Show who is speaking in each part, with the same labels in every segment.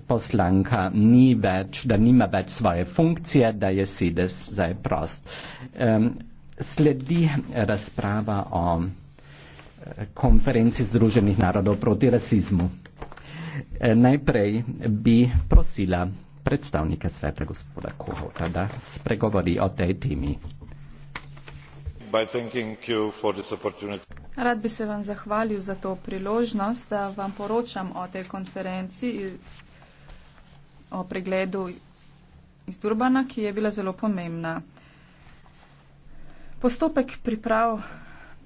Speaker 1: poslanka ni več, da nima več svoje funkcije, da je sedež zdaj prost. Um, sledi razprava o eh, konferenci Združenih narodov proti rasizmu. E, najprej bi prosila predstavnika sveta gospoda Kohota, da spregovori o tej temi.
Speaker 2: Rad bi se vam zahvalil za to priložnost, da vam poročam o tej konferenci o pregledu iz Durbana, ki je bila zelo pomembna. Postopek priprav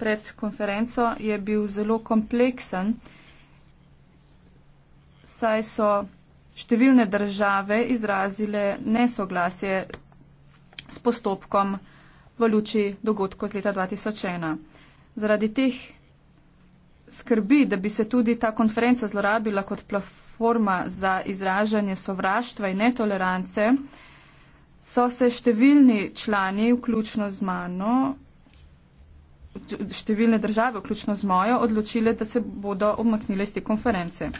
Speaker 2: pred konferenco je bil zelo kompleksen, saj so številne države izrazile nesoglasje s postopkom v luči dogodkov z leta 2001. Zaradi teh skrbi, da bi se tudi ta konferenca zlorabila kot plafon, platforma za izražanje sovraštva in netolerance, so se številni člani, vključno z mano, številne države, vključno z mojo, odločile, da se bodo obmaknile iz te konference.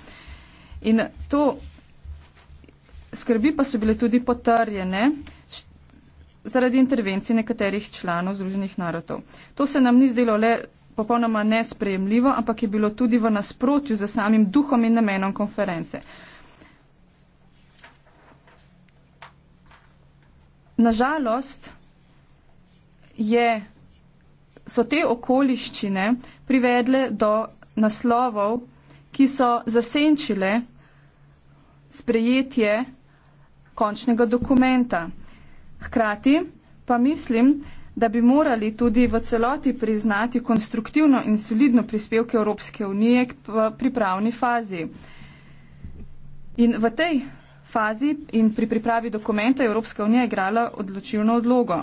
Speaker 2: In to skrbi pa so bile tudi potrjene zaradi intervencij nekaterih članov Združenih narodov. To se nam ni zdelo le popolnoma nesprejemljivo, ampak je bilo tudi v nasprotju za samim duhom in namenom konference. Nažalost je, so te okoliščine privedle do naslovov, ki so zasenčile sprejetje končnega dokumenta. Hkrati pa mislim, da bi morali tudi v celoti priznati konstruktivno in solidno prispevke Evropske unije v pripravni fazi. In v tej fazi in pri pripravi dokumenta je Evropska unija igrala odločilno odlogo.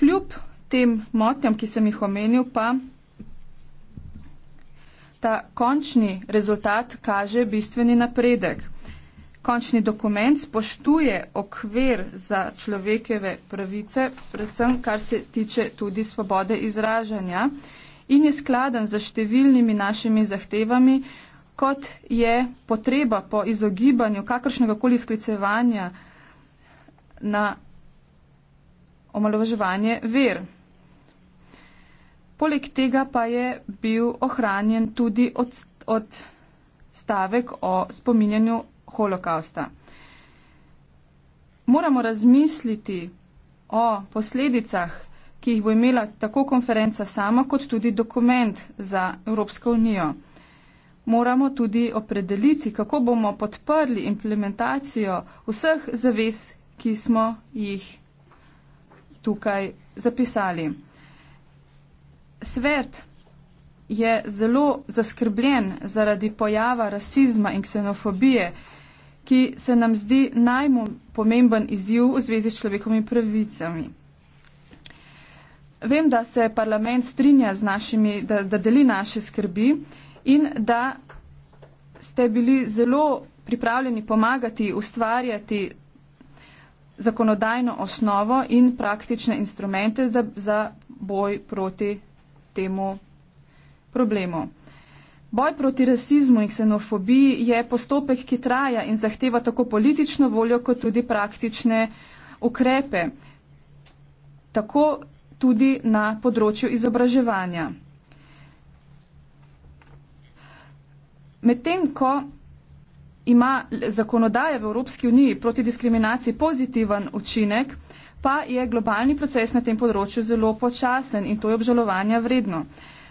Speaker 2: Kljub tem motnjam, ki sem jih omenil, pa ta končni rezultat kaže bistveni napredek končni dokument spoštuje okvir za človekove pravice, predvsem kar se tiče tudi svobode izražanja in je skladen za številnimi našimi zahtevami, kot je potreba po izogibanju kakršnega koli sklicevanja na omalovaževanje ver. Poleg tega pa je bil ohranjen tudi od, od stavek o spominjanju holokausta. Moramo razmisliti o posledicah, ki jih bo imela tako konferenca sama, kot tudi dokument za Evropsko unijo. Moramo tudi opredeliti, kako bomo podprli implementacijo vseh zavez, ki smo jih tukaj zapisali. Svet je zelo zaskrbljen zaradi pojava rasizma in ksenofobije, ki se nam zdi najpomemben izziv v zvezi s človekovimi pravicami. Vem, da se parlament strinja z našimi, da, da deli naše skrbi in da ste bili zelo pripravljeni pomagati ustvarjati zakonodajno osnovo in praktične instrumente za, za boj proti temu problemu. Boj proti rasizmu in ksenofobiji je postopek, ki traja in zahteva tako politično voljo, kot tudi praktične ukrepe, tako tudi na področju izobraževanja. Medtem, ko ima zakonodaja v Evropski uniji proti diskriminaciji pozitiven učinek, pa je globalni proces na tem področju zelo počasen in to je obžalovanja vredno.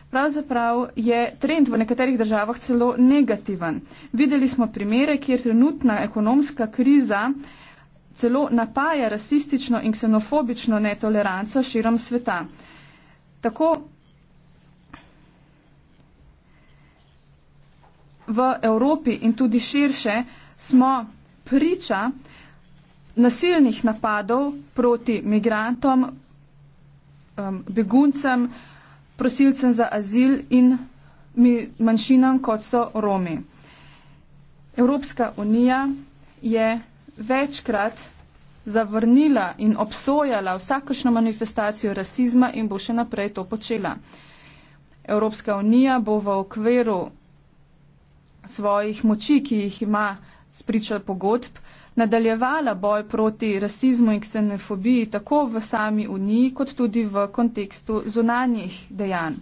Speaker 2: Pravzaprav je trend v nekaterih državah celo negativen. Videli smo primere, kjer trenutna ekonomska kriza celo napaja rasistično in ksenofobično netoleranco širom sveta. Tako v Evropi in tudi širše smo priča nasilnih napadov proti migrantom, um, beguncem, prosilcem za azil in manjšinam, kot so Romi. Evropska unija je večkrat zavrnila in obsojala vsakošno manifestacijo rasizma in bo še naprej to počela. Evropska unija bo v okviru svojih moči, ki jih ima spričal pogodb, nadaljevala boj proti rasizmu in ksenofobiji tako v sami uniji, kot tudi v kontekstu zunanjih dejanj.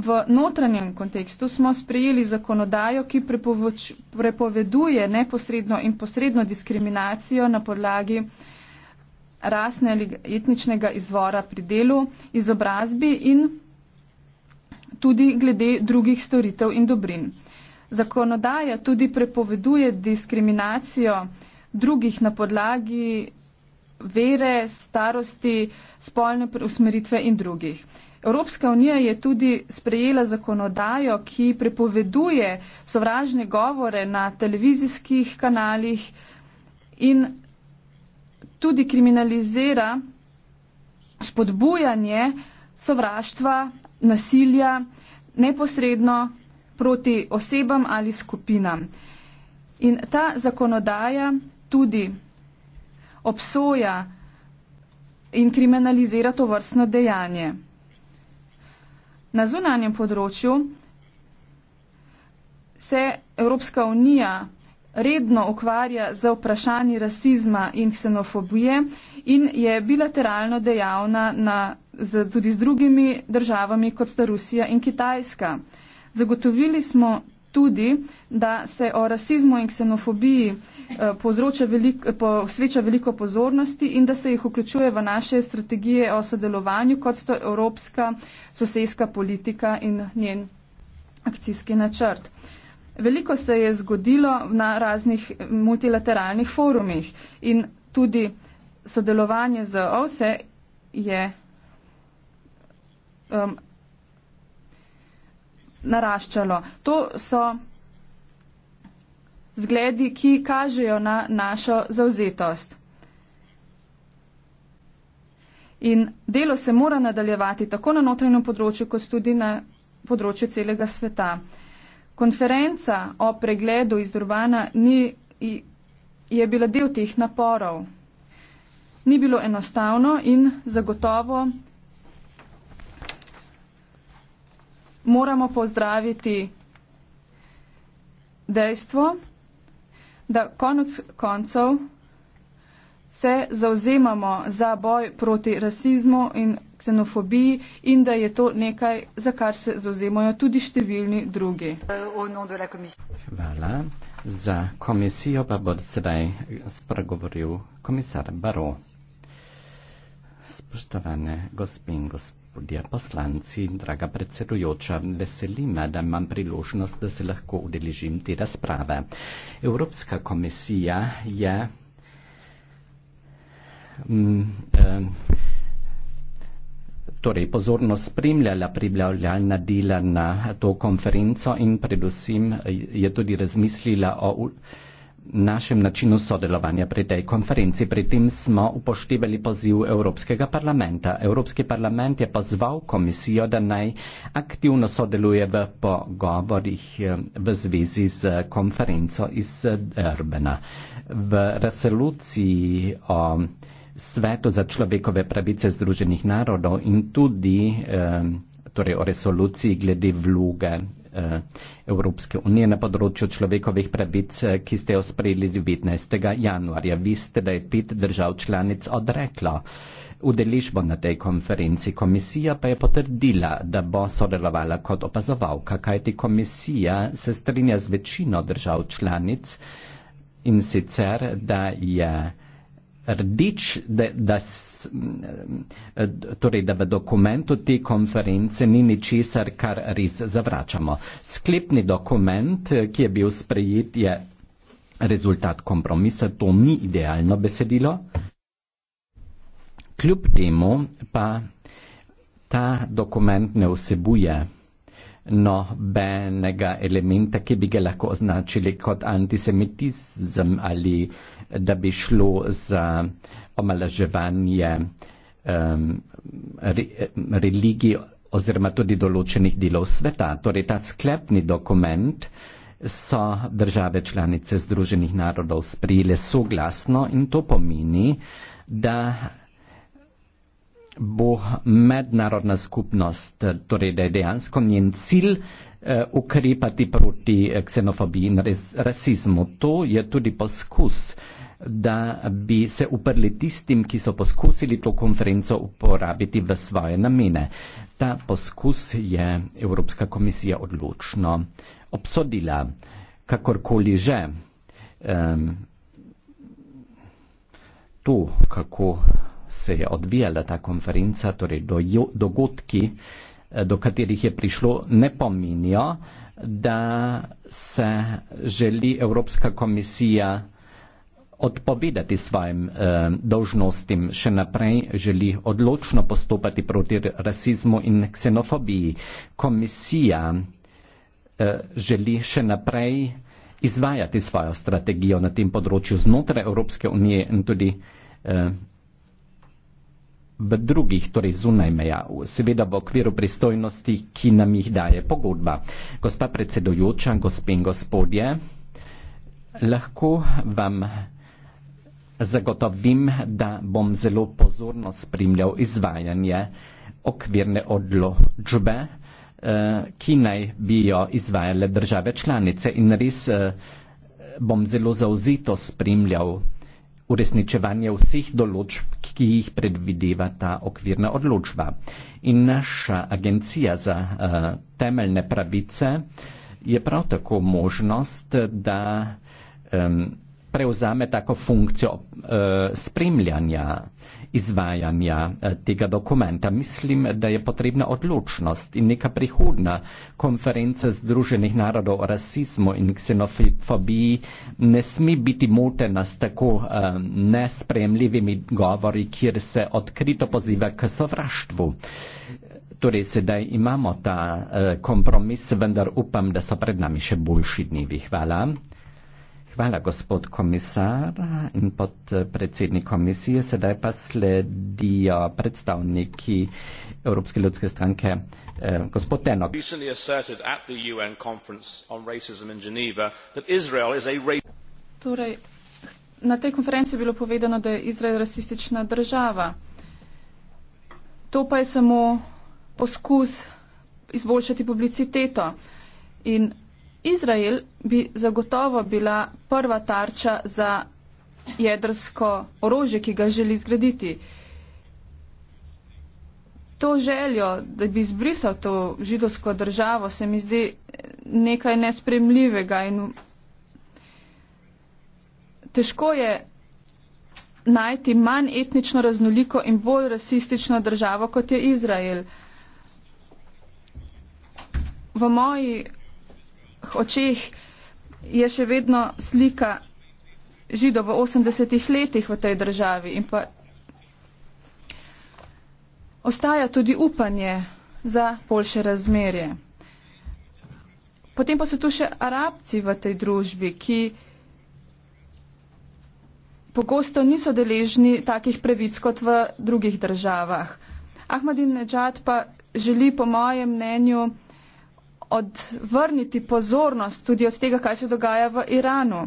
Speaker 2: V notranjem kontekstu smo sprejeli zakonodajo, ki prepovoč, prepoveduje neposredno in posredno diskriminacijo na podlagi rasne ali etničnega izvora pri delu, izobrazbi in tudi glede drugih storitev in dobrin. Zakonodaja tudi prepoveduje diskriminacijo drugih na podlagi vere, starosti, spolne usmeritve in drugih. Evropska unija je tudi sprejela zakonodajo, ki prepoveduje sovražne govore na televizijskih kanalih in tudi kriminalizira spodbujanje sovraštva, nasilja neposredno proti osebam ali skupinam. In ta zakonodaja tudi obsoja in kriminalizira to vrstno dejanje. Na zunanjem področju se Evropska unija redno ukvarja za vprašanje rasizma in ksenofobije in je bilateralno dejavna na, z, tudi z drugimi državami, kot sta Rusija in Kitajska. Zagotovili smo tudi, da se o rasizmu in ksenofobiji eh, veliko, posveča veliko pozornosti in da se jih vključuje v naše strategije o sodelovanju kot sto evropska sosejska politika in njen akcijski načrt. Veliko se je zgodilo na raznih multilateralnih forumih in tudi sodelovanje z OVSE je. Um, naraščalo. To so zgledi, ki kažejo na našo zauzetost. In delo se mora nadaljevati tako na notranjem področju, kot tudi na področju celega sveta. Konferenca o pregledu iz Urbana ni, je bila del teh naporov. Ni bilo enostavno in zagotovo moramo pozdraviti dejstvo, da konec koncev se zauzemamo za boj proti rasizmu in ksenofobiji in da je to nekaj, za kar se zauzemajo tudi številni drugi. Hvala.
Speaker 1: Za komisijo pa bo sedaj spregovoril komisar Baro. Spoštovane gospe in gospodje. Podja poslanci, draga predsedujoča, veselima, da imam priložnost, da se lahko udeležim te razprave. Evropska komisija je mm, eh, torej pozorno spremljala pribljavljalna dela na to konferenco in predvsem je tudi razmislila o. Uh, našem načinu sodelovanja pri tej konferenci. Pri tem smo upoštevali poziv Evropskega parlamenta. Evropski parlament je pozval komisijo, da naj aktivno sodeluje v pogovorih eh, v zvezi z konferenco iz Erbena. Eh, v resoluciji o svetu za človekove pravice Združenih narodov in tudi eh, torej o resoluciji glede vloge Eh, Evropske unije na področju človekovih pravic, eh, ki ste jo sprejeli 19. januarja. Vi ste, da je pet držav članic odreklo udeležbo na tej konferenci. Komisija pa je potrdila, da bo sodelovala kot opazovalka, kajti komisija se strinja z večino držav članic in sicer, da je rdeč, da, da, eh, torej, da v dokumentu te konference ni ničesar, kar res zavračamo. Sklepni dokument, eh, ki je bil sprejet, je rezultat kompromisa, to ni idealno besedilo. Kljub temu pa ta dokument ne vsebuje nobenega elementa, ki bi ga lahko označili kot antisemitizem ali da bi šlo za omalaževanje um, re, religij oziroma tudi določenih delov sveta. Torej, ta sklepni dokument so države članice Združenih narodov sprijele soglasno in to pomeni, da bo mednarodna skupnost, torej da je dejansko njen cilj eh, ukrepati proti eh, ksenofobiji in res, rasizmu. To je tudi poskus, da bi se uprli tistim, ki so poskusili to konferenco uporabiti v svoje namene. Ta poskus je Evropska komisija odločno obsodila, kakorkoli že. Eh, to, kako se je odvijala ta konferenca, torej do jo, dogodki, eh, do katerih je prišlo, ne pominjo, da se želi Evropska komisija odpovedati svojim eh, dolžnostim, še naprej želi odločno postopati proti rasizmu in ksenofobiji. Komisija eh, želi še naprej izvajati svojo strategijo na tem področju znotraj Evropske unije in tudi eh, v drugih, torej zunaj meja, seveda v okviru pristojnosti, ki nam jih daje pogodba. Gospa predsedujoča, gospe in gospodje, lahko vam zagotovim, da bom zelo pozorno spremljal izvajanje okvirne odločbe, eh, ki naj bi jo izvajale države članice in res eh, bom zelo zauzito spremljal uresničevanje vseh določb, ki jih predvideva ta okvirna odločba. In naša agencija za uh, temeljne pravice je prav tako možnost, da um, prevzame tako funkcijo uh, spremljanja izvajanja eh, tega dokumenta. Mislim, da je potrebna odločnost in neka prihodna konferenca Združenih narodov o rasizmu in ksenofobiji ne sme biti motena s tako um, nespremljivimi govori, kjer se odkrito poziva k sovraštvu. Torej, sedaj imamo ta uh, kompromis, vendar upam, da so pred nami še boljši dnevi. Hvala. Hvala, gospod komisar in podpredsednik komisije. Sedaj pa sledijo predstavniki Evropske ljudske stranke. Eh, gospod Tenok.
Speaker 2: Torej, na tej konferenci je bilo povedano, da je Izrael rasistična država. To pa je samo poskus izboljšati publiciteto. In Izrael bi zagotovo bila prva tarča za jedrsko orožje, ki ga želi zgraditi. To željo, da bi izbrisal to židovsko državo, se mi zdi eh, nekaj nespremljivega in težko je najti manj etnično raznoliko in bolj rasistično državo, kot je Izrael. V moji očeh je še vedno slika žido v 80-ih letih v tej državi in pa ostaja tudi upanje za boljše razmerje. Potem pa so tu še arabci v tej družbi, ki pogosto niso deležni takih previc kot v drugih državah. Ahmadinejad pa želi po mojem mnenju odvrniti pozornost tudi od tega, kaj se dogaja v Iranu.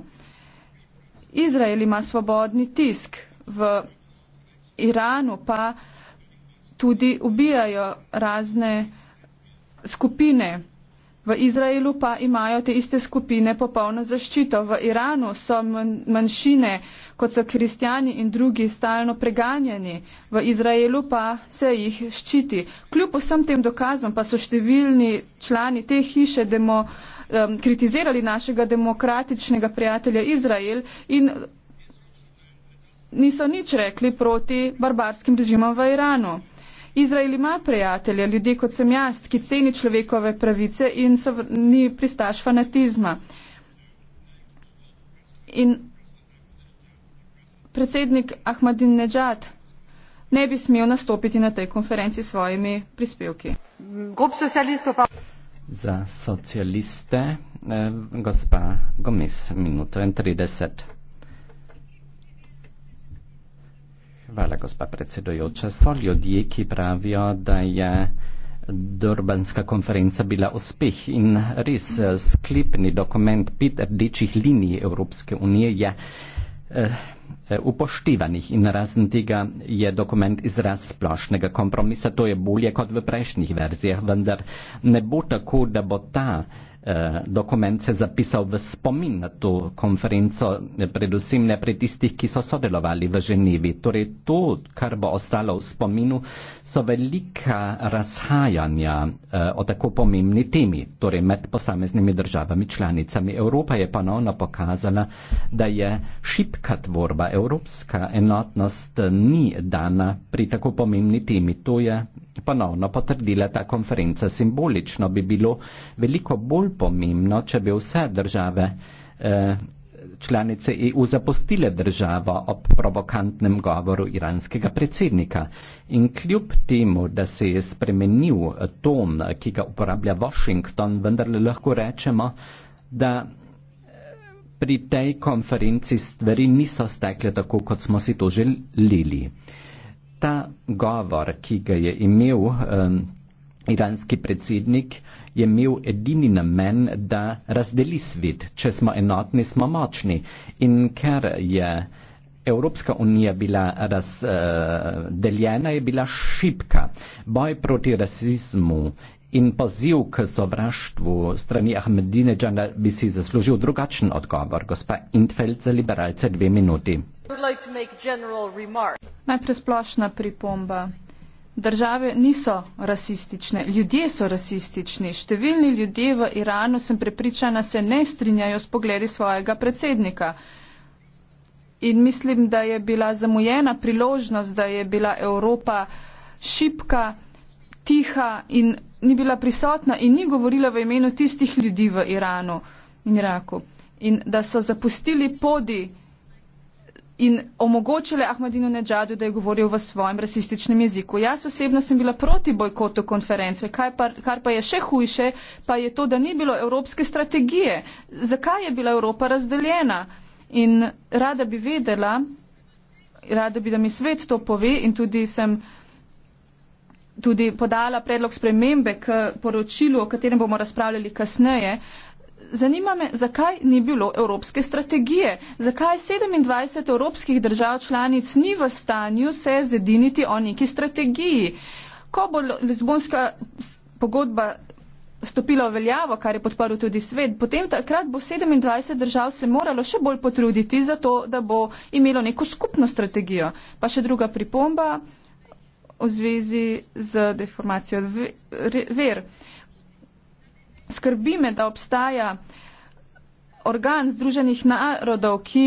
Speaker 2: Izrael ima svobodni tisk, v Iranu pa tudi ubijajo razne skupine V Izraelu pa imajo te iste skupine popolno zaščito. V Iranu so manjšine, kot so kristjani in drugi, stalno preganjani. V Izraelu pa se jih ščiti. Kljub vsem tem dokazom pa so številni člani te hiše demo, um, kritizirali našega demokratičnega prijatelja Izrael in niso nič rekli proti barbarskim režimom v Iranu. Izrael ima prijatelje, ljudi kot sem jaz, ki ceni človekove pravice in so, ni pristaš fanatizma. In predsednik Ahmadinejad ne bi smel nastopiti na tej konferenci s svojimi prispevki.
Speaker 1: Za socialiste, eh, gospa Gomez, minuto in trideset. Hvala, gospa predsedojoča. So ljudje, ki pravijo, da je Durbanska konferenca bila uspeh in res eh, sklepni dokument pet rdečih linij Evropske unije je eh, eh, upoštevanih in razen tega je dokument izraz splošnega kompromisa. To je bolje kot v prejšnjih verzijah, vendar ne bo tako, da bo ta uh, Eh, dokument se zapisal v spomin na to konferenco, eh, predvsem ne pri tistih, ki so sodelovali v Ženevi. Torej to, kar bo ostalo v spominu, so velika razhajanja eh, o tako pomembni temi, torej med posameznimi državami članicami. Evropa je ponovno pokazala, da je šipka tvorba, evropska enotnost ni dana pri tako pomembni temi. To je ponovno potrdila ta konferenca. Simbolično bi bilo veliko bolj pomembno, če bi vse države eh, članice EU zapustile državo ob provokantnem govoru iranskega predsednika. In kljub temu, da se je spremenil eh, ton, ki ga uporablja Washington, vendarle lahko rečemo, da eh, pri tej konferenci stvari niso stekle tako, kot smo si to želeli ta govor, ki ga je imel um, iranski predsednik, je imel edini namen, da razdeli svet. Če smo enotni, smo močni. In ker je Evropska unija bila razdeljena, eh, uh, je bila šipka. Boj proti rasizmu in poziv k sovraštvu strani Ahmedineja bi si zaslužil drugačen odgovor. Gospa Intfeld za liberalce dve minuti.
Speaker 2: Najprej splošna pripomba. Države niso rasistične, ljudje so rasistični. Številni ljudje v Iranu, sem prepričana, se ne strinjajo s pogledi svojega predsednika. In mislim, da je bila zamujena priložnost, da je bila Evropa šipka tiha in ni bila prisotna in ni govorila v imenu tistih ljudi v Iranu in Iraku. In da so zapustili podi in omogočili Ahmadinu Nežadu, da je govoril v svojem rasističnem jeziku. Jaz osebno sem bila proti bojkotu konference, kar pa, kar pa je še hujše, pa je to, da ni bilo evropske strategije. Zakaj je bila Evropa razdeljena? In rada bi vedela, rada bi, da mi svet to pove in tudi sem tudi podala predlog spremembe k poročilu, o katerem bomo razpravljali kasneje. Zanima me, zakaj ni bilo evropske strategije? Zakaj 27 evropskih držav članic ni v stanju se zediniti o neki strategiji? Ko bo Lizbonska pogodba stopila v veljavo, kar je podporil tudi svet, potem takrat bo 27 držav se moralo še bolj potruditi za to, da bo imelo neko skupno strategijo. Pa še druga pripomba v zvezi z deformacijo ver. Skrbi me, da obstaja organ Združenih narodov, ki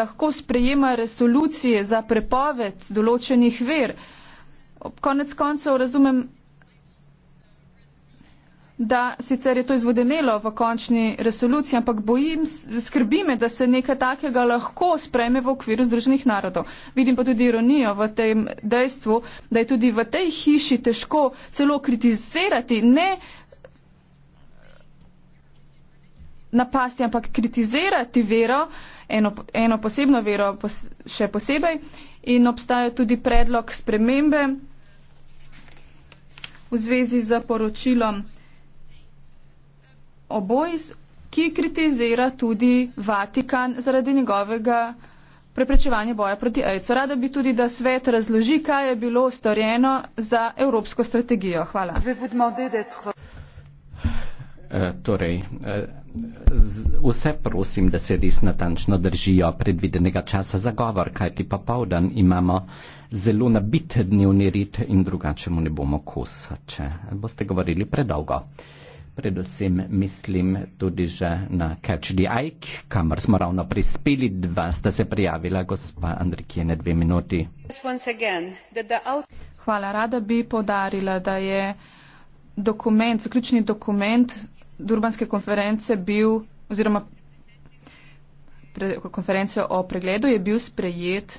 Speaker 2: lahko sprejema resolucije za prepoved določenih ver. Konec koncev razumem da sicer je to izvodenelo v končni resoluciji, ampak bojim, skrbi me, da se nekaj takega lahko spreme v okviru Združenih narodov. Vidim pa tudi ironijo v tem dejstvu, da je tudi v tej hiši težko celo kritizirati, ne napasti, ampak kritizirati vero, eno, eno posebno vero pos, še posebej. In obstaja tudi predlog spremembe v zvezi z poročilom oboj, ki kritizira tudi Vatikan zaradi njegovega preprečevanja boja proti AIDS. Rada bi tudi, da svet razloži, kaj je bilo storjeno za evropsko strategijo. Hvala.
Speaker 1: Eh, torej, eh, vse prosim, da se res natančno držijo predvidenega časa za govor, kajti popovdan imamo zelo nabit dnevni rit in drugače mu ne bomo kos, če boste govorili predolgo predvsem mislim tudi že na Catch the Ike, kamor smo ravno prispeli, dva sta se prijavila, gospa Andrikine, dve minuti.
Speaker 2: Hvala, rada bi podarila, da je dokument, zaključni dokument Durbanske konference bil, oziroma pre, konference o pregledu je bil sprejet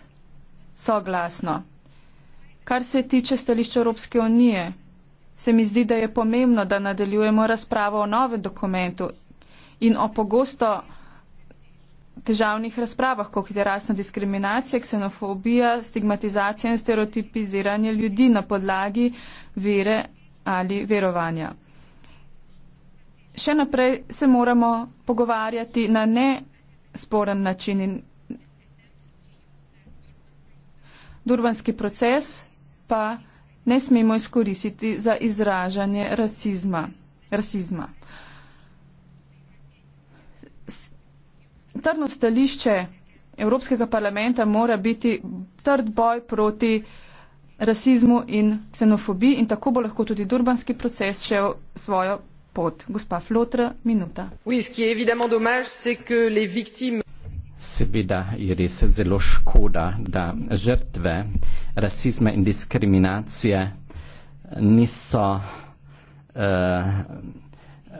Speaker 2: soglasno. Kar se tiče stališča Evropske unije, se mi zdi, da je pomembno, da nadaljujemo razpravo o novem dokumentu in o pogosto težavnih razpravah, kot je rasna diskriminacija, ksenofobija, stigmatizacija in stereotipiziranje ljudi na podlagi vere ali verovanja. Še naprej se moramo pogovarjati na nesporen način in durbanski proces pa ne smemo izkoristiti za izražanje rasizma. rasizma. Trdno stališče Evropskega parlamenta mora biti trd boj proti rasizmu in ksenofobiji in tako bo lahko tudi durbanski proces šel svojo pot. Gospa Flotra, minuta. Oui,
Speaker 1: seveda je res zelo škoda, da žrtve rasizma in diskriminacije niso, uh,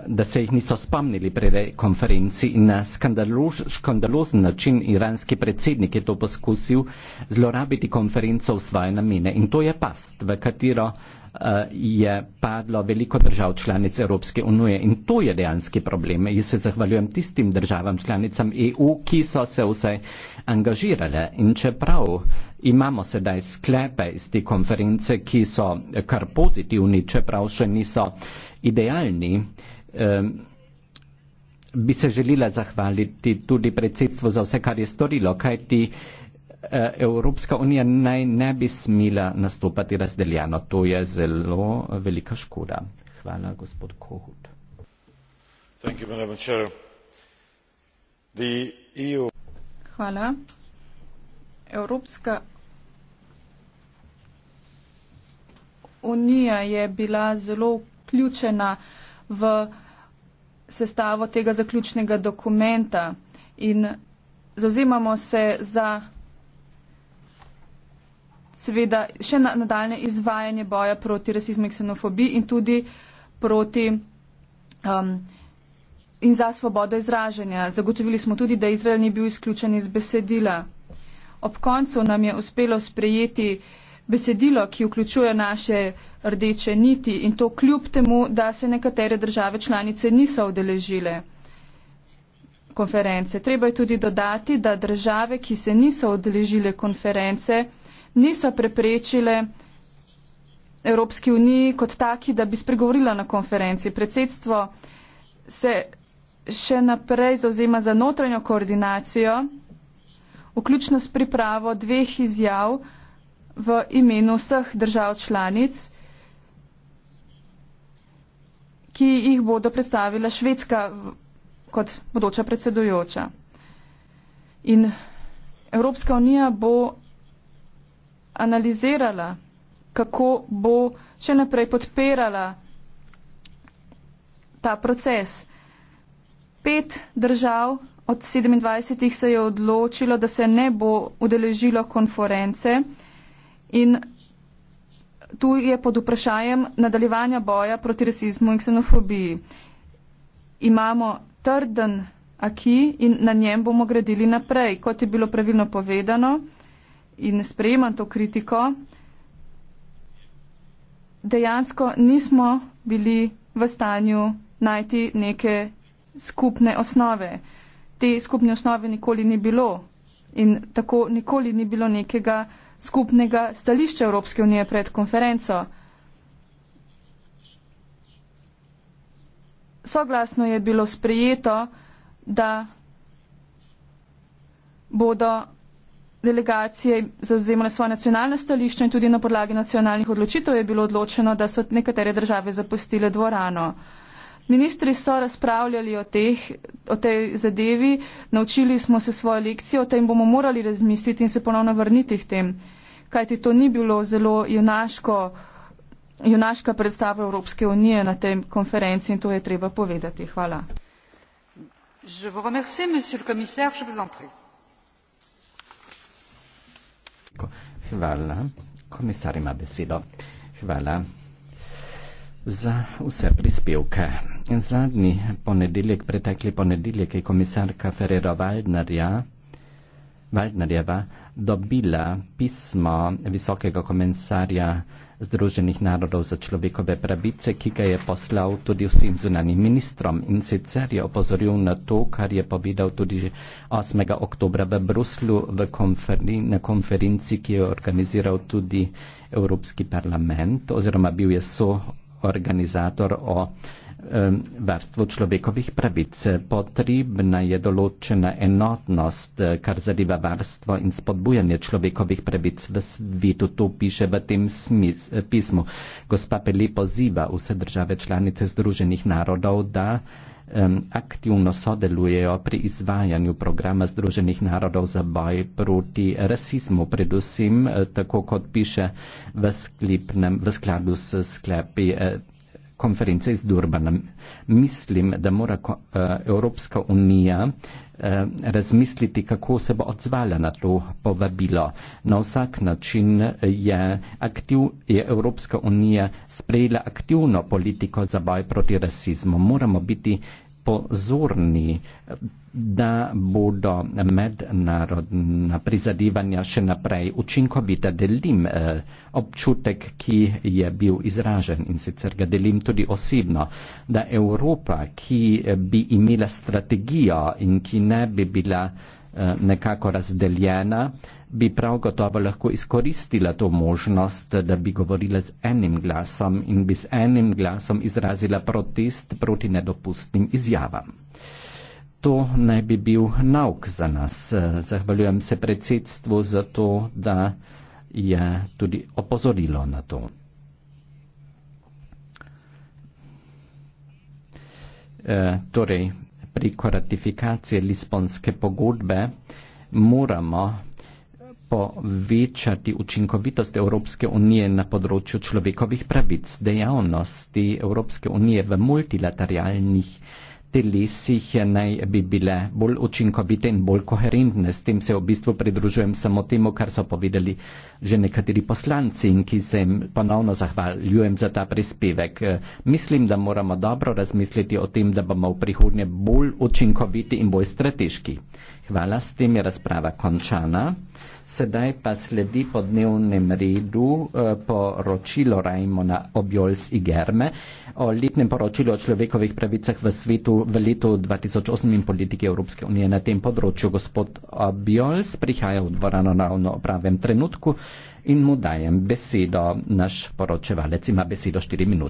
Speaker 1: da se jih niso spomnili pri tej konferenci in na skandaloz, škandalozen način iranski predsednik je to poskusil zlorabiti konferenco v svoje namene. In to je past, v katero uh, Eh, je padlo veliko držav članic Evropske unije in to je dejanski problem. Jaz se zahvaljujem tistim državam članicam EU, ki so se vse angažirale in čeprav imamo sedaj sklepe iz te konference, ki so kar pozitivni, čeprav še niso idealni. Um, bi se želela zahvaliti tudi predsedstvu za vse, kar je storilo, kajti uh, Eh, Evropska unija naj ne bi smela nastopati razdeljeno. To je zelo velika škoda. Hvala, gospod Kohut. E
Speaker 2: Hvala. Evropska unija je bila zelo vključena v sestavo tega zaključnega dokumenta in zauzemamo se za seveda še na, nadaljne izvajanje boja proti rasizmu in ksenofobiji in tudi proti um, in za svobodo izražanja. Zagotovili smo tudi, da Izrael ni bil izključen iz besedila. Ob koncu nam je uspelo sprejeti besedilo, ki vključuje naše rdeče niti in to kljub temu, da se nekatere države članice niso odeležile konference. Treba je tudi dodati, da države, ki se niso odeležile konference, niso preprečile Evropski uniji kot taki, da bi spregovorila na konferenci. Predsedstvo se še naprej zauzema za notranjo koordinacijo, vključno s pripravo dveh izjav v imenu vseh držav članic, ki jih bodo predstavila Švedska kot bodoča predsedujoča. In Evropska unija bo analizirala, kako bo še naprej podpirala ta proces. Pet držav od 27 se je odločilo, da se ne bo udeležilo konference in tu je pod vprašanjem nadaljevanja boja proti rasizmu in ksenofobiji. Imamo trden aki in na njem bomo gradili naprej, kot je bilo pravilno povedano in sprejema to kritiko, dejansko nismo bili v stanju najti neke skupne osnove. Te skupne osnove nikoli ni bilo in tako nikoli ni bilo nekega skupnega stališča Evropske unije pred konferenco. Soglasno je bilo sprejeto, da bodo delegacije zazemale svoje nacionalne stališče in tudi na podlagi nacionalnih odločitev je bilo odločeno, da so nekatere države zapustile dvorano. Ministri so razpravljali o, teh, o tej zadevi, naučili smo se svojo lekcijo, o tem bomo morali razmisliti in se ponovno vrniti k tem, kajti to ni bilo zelo junaško, junaška predstava Evropske unije na tej konferenci in to je treba povedati. Hvala.
Speaker 1: Je vous remercie, monsieur le commissaire, je vous en prie. Hvala. Komisar ima besedo. Hvala za vse prispevke. Zadnji ponedeljek, pretekli ponedeljek, je komisarka Ferrero Valdnerja, Valdnerjeva dobila pismo visokega komisarja Združenih narodov za človekove pravice, ki ga je poslal tudi vsem zunanim ministrom in sicer je opozoril na to, kar je povedal tudi 8. oktober v Bruslu v konferi, na konferenci, ki je organiziral tudi Evropski parlament oziroma bil je soorganizator o Um, varstvu človekovih pravic. Potrebna je določena enotnost, eh, kar zadeva varstvo in spodbujanje človekovih pravic v svetu. To piše v tem smis, eh, pismu. Gospa Pele poziva vse države članice Združenih narodov, da aktivno sodelujejo pri izvajanju programa Združenih narodov za boj proti rasizmu, predvsem eh, tako kot piše v, sklipnem, v skladu s sklepi konference iz Durbana. Mislim, da mora eh, Evropska unija eh, razmisliti, kako se bo odzvala na to povabilo. Na vsak način je, aktiv, je Evropska unija sprejela aktivno politiko za boj proti rasizmu. Moramo biti pozorni, da bodo mednarodna prizadevanja še naprej učinkovita. Delim eh, občutek, ki je bil izražen in sicer ga delim tudi osebno, da Evropa, ki eh, bi imela strategijo in ki ne bi bila eh, nekako razdeljena, eh, bi prav gotovo lahko izkoristila to možnost, da bi govorila z enim glasom in bi z enim glasom izrazila protest proti nedopustnim izjavam. To naj bi bil nauk za nas. Zahvaljujem se predsedstvu za to, da je tudi opozorilo na to. E, torej, preko ratifikacije Lisbonske pogodbe moramo povečati učinkovitost Evropske unije na področju človekovih pravic. Dejavnosti Evropske unije v multilateralnih telesih naj bi bile bolj učinkovite in bolj koherentne. S tem se v bistvu pridružujem samo temu, kar so povedali že nekateri poslanci in ki se jim ponovno zahvaljujem za ta prispevek. Eh, mislim, da moramo dobro razmisliti o tem, da bomo v prihodnje bolj učinkoviti in bolj strateški. Hvala, s tem je razprava končana. Sedaj pa sledi po dnevnem redu eh, poročilo Raimona Objols Igerme o letnem poročilu o človekovih pravicah v svetu v letu 2008 in politiki Evropske unije na tem področju. Gospod Objols prihaja v dvorano ravno o pravem trenutku in mu dajem besedo. Naš poročevalec ima besedo 4 minute.